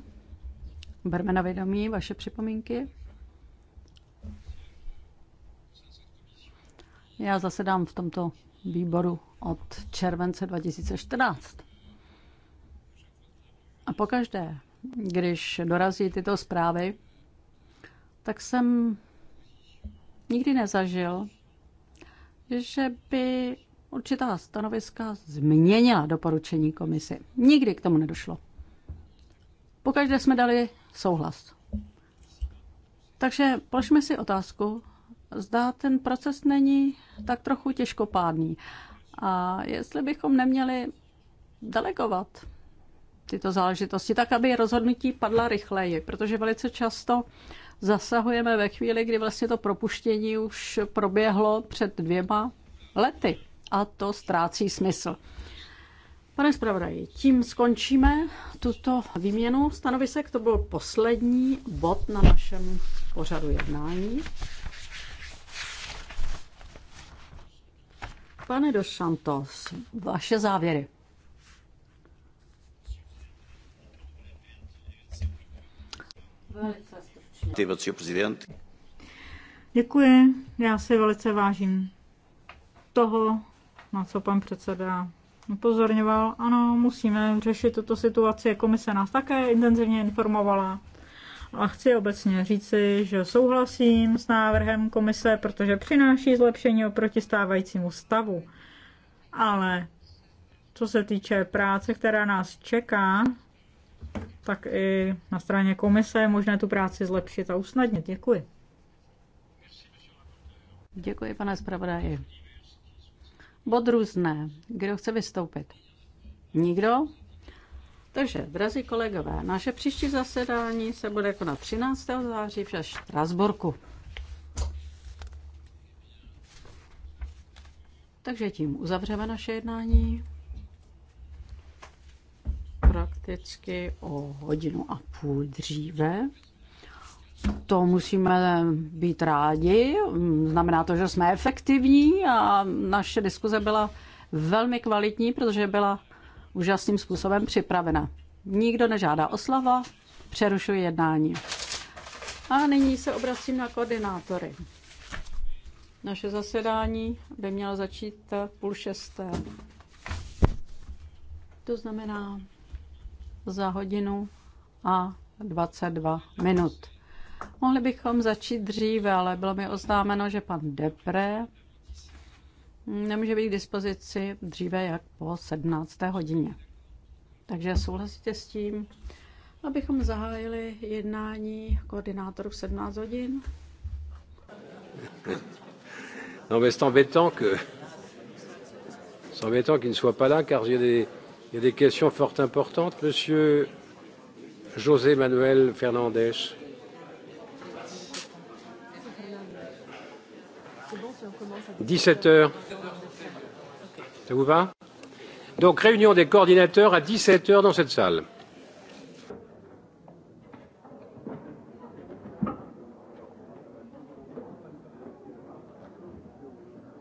Berme na vědomí vaše připomínky. Já zasedám v tomto výboru od července 2014. A pokaždé, když dorazí tyto zprávy, tak jsem nikdy nezažil, že by určitá stanoviska změnila doporučení komisi. Nikdy k tomu nedošlo. Pokaždé jsme dali souhlas. Takže položme si otázku, zda ten proces není tak trochu těžkopádný. A jestli bychom neměli delegovat tyto záležitosti, tak aby rozhodnutí padla rychleji, protože velice často zasahujeme ve chvíli, kdy vlastně to propuštění už proběhlo před dvěma lety a to ztrácí smysl. Pane zpravodaji, tím skončíme tuto výměnu stanovisek. To byl poslední bod na našem pořadu jednání. Pane dos Santos, vaše závěry. Děkuji, já si velice vážím toho, na co pan předseda upozorňoval. Ano, musíme řešit tuto situaci. Komise nás také intenzivně informovala. A chci obecně říci, že souhlasím s návrhem komise, protože přináší zlepšení oproti stávajícímu stavu. Ale co se týče práce, která nás čeká, tak i na straně komise je možné tu práci zlepšit a usnadnit. Děkuji. Děkuji, pane zpravodaji. Bod různé. Kdo chce vystoupit? Nikdo? Takže, drazí kolegové, naše příští zasedání se bude konat 13. září v Štrasburku. Takže tím uzavřeme naše jednání prakticky o hodinu a půl dříve. To musíme být rádi, znamená to, že jsme efektivní a naše diskuze byla velmi kvalitní, protože byla úžasným způsobem připravena. Nikdo nežádá oslava, přerušuji jednání. A nyní se obracím na koordinátory. Naše zasedání by mělo začít půl šesté. To znamená za hodinu a 22 minut. Mohli bychom začít dříve, ale bylo mi oznámeno, že pan Depre nemůže být k dispozici dříve jak po 17. hodině. Takže souhlasíte s tím, abychom zahájili jednání koordinátorů v 17 hodin? Non, mais c'est embêtant que. C'est embêtant qu'il ne soit pas là, car il y, a des, il y a des questions fort importantes. Monsieur José Manuel Fernandez. Bon si 17 heures. Ça vous va Donc réunion des coordinateurs à 17h dans cette salle.